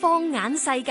放眼世界，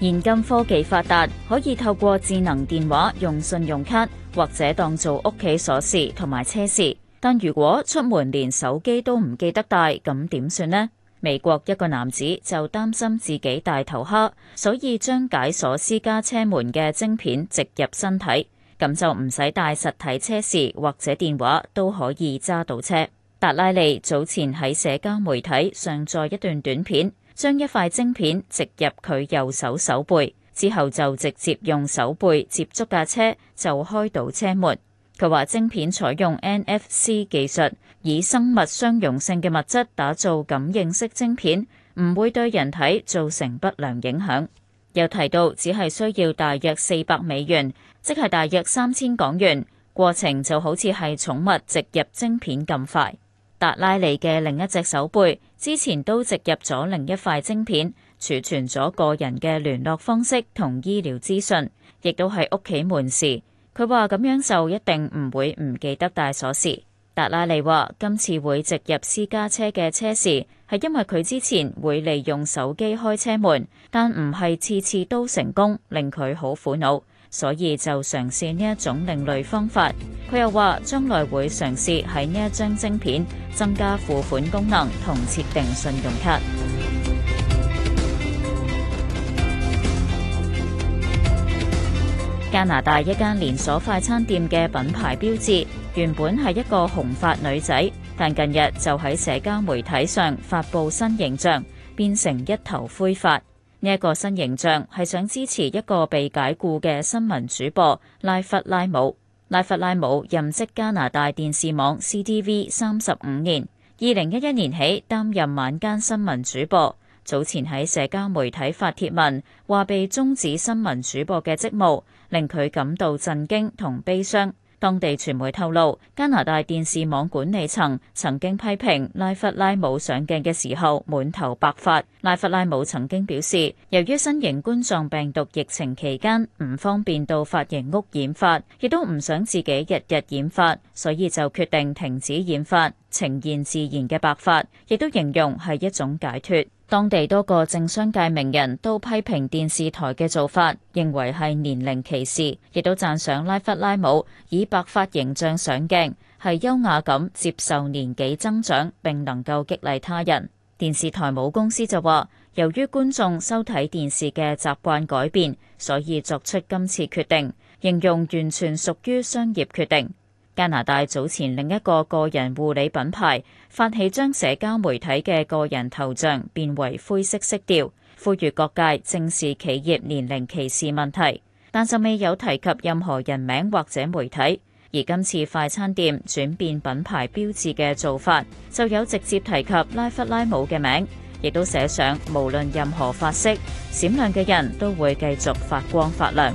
現今科技發達，可以透過智能電話用信用卡，或者當做屋企鎖匙同埋車匙。但如果出門連手機都唔記得帶，咁點算呢？美國一個男子就擔心自己大頭蝦，所以將解鎖私家車門嘅晶片植入身體。咁就唔使帶實體車匙或者電話都可以揸到車。達拉利早前喺社交媒體上載一段短片，將一塊晶片植入佢右手手背，之後就直接用手背接觸架車就開到車門。佢話晶片採用 NFC 技術，以生物相容性嘅物質打造感應式晶片，唔會對人體造成不良影響。又提到，只係需要大約四百美元，即係大約三千港元。過程就好似係寵物植入晶片咁快。達拉利嘅另一隻手背之前都植入咗另一塊晶片，儲存咗個人嘅聯絡方式同醫療資訊，亦都係屋企門匙。佢話咁樣就一定唔會唔記得帶鎖匙。達拉利話今次會植入私家車嘅車匙。係因為佢之前會利用手機開車門，但唔係次次都成功，令佢好苦惱，所以就嘗試呢一種另類方法。佢又話將來會嘗試喺呢一張晶片增加付款功能同設定信用卡。加拿大一間連鎖快餐店嘅品牌標誌原本係一個紅髮女仔。但近日就喺社交媒體上發布新形象，變成一頭灰髮。呢、這、一個新形象係想支持一個被解雇嘅新聞主播拉弗拉姆。拉弗拉姆任職加拿大電視網 CTV 三十五年，二零一一年起擔任晚間新聞主播。早前喺社交媒體發帖文話被終止新聞主播嘅職務，令佢感到震驚同悲傷。當地傳媒透露，加拿大電視網管理層曾經批評拉弗拉姆上鏡嘅時候滿頭白髮。拉弗拉姆曾經表示，由於新型冠狀病毒疫情期間唔方便到髮型屋染髮，亦都唔想自己日日染髮，所以就決定停止染髮，呈現自然嘅白髮，亦都形容係一種解脱。當地多個政商界名人都批評電視台嘅做法，認為係年齡歧視，亦都讚賞拉弗拉姆以白髮形象上鏡，係優雅咁接受年紀增長，並能夠激勵他人。電視台母公司就話，由於觀眾收睇電視嘅習慣改變，所以作出今次決定，形容完全屬於商業決定。加拿大早前另一個個人護理品牌發起將社交媒體嘅個人頭像變為灰色色調，呼籲各界正視企業年齡歧視問題，但就未有提及任何人名或者媒體，而今次快餐店轉變品牌標誌嘅做法，就有直接提及拉弗拉姆嘅名，亦都寫上無論任何髮色閃亮嘅人都會繼續發光發亮。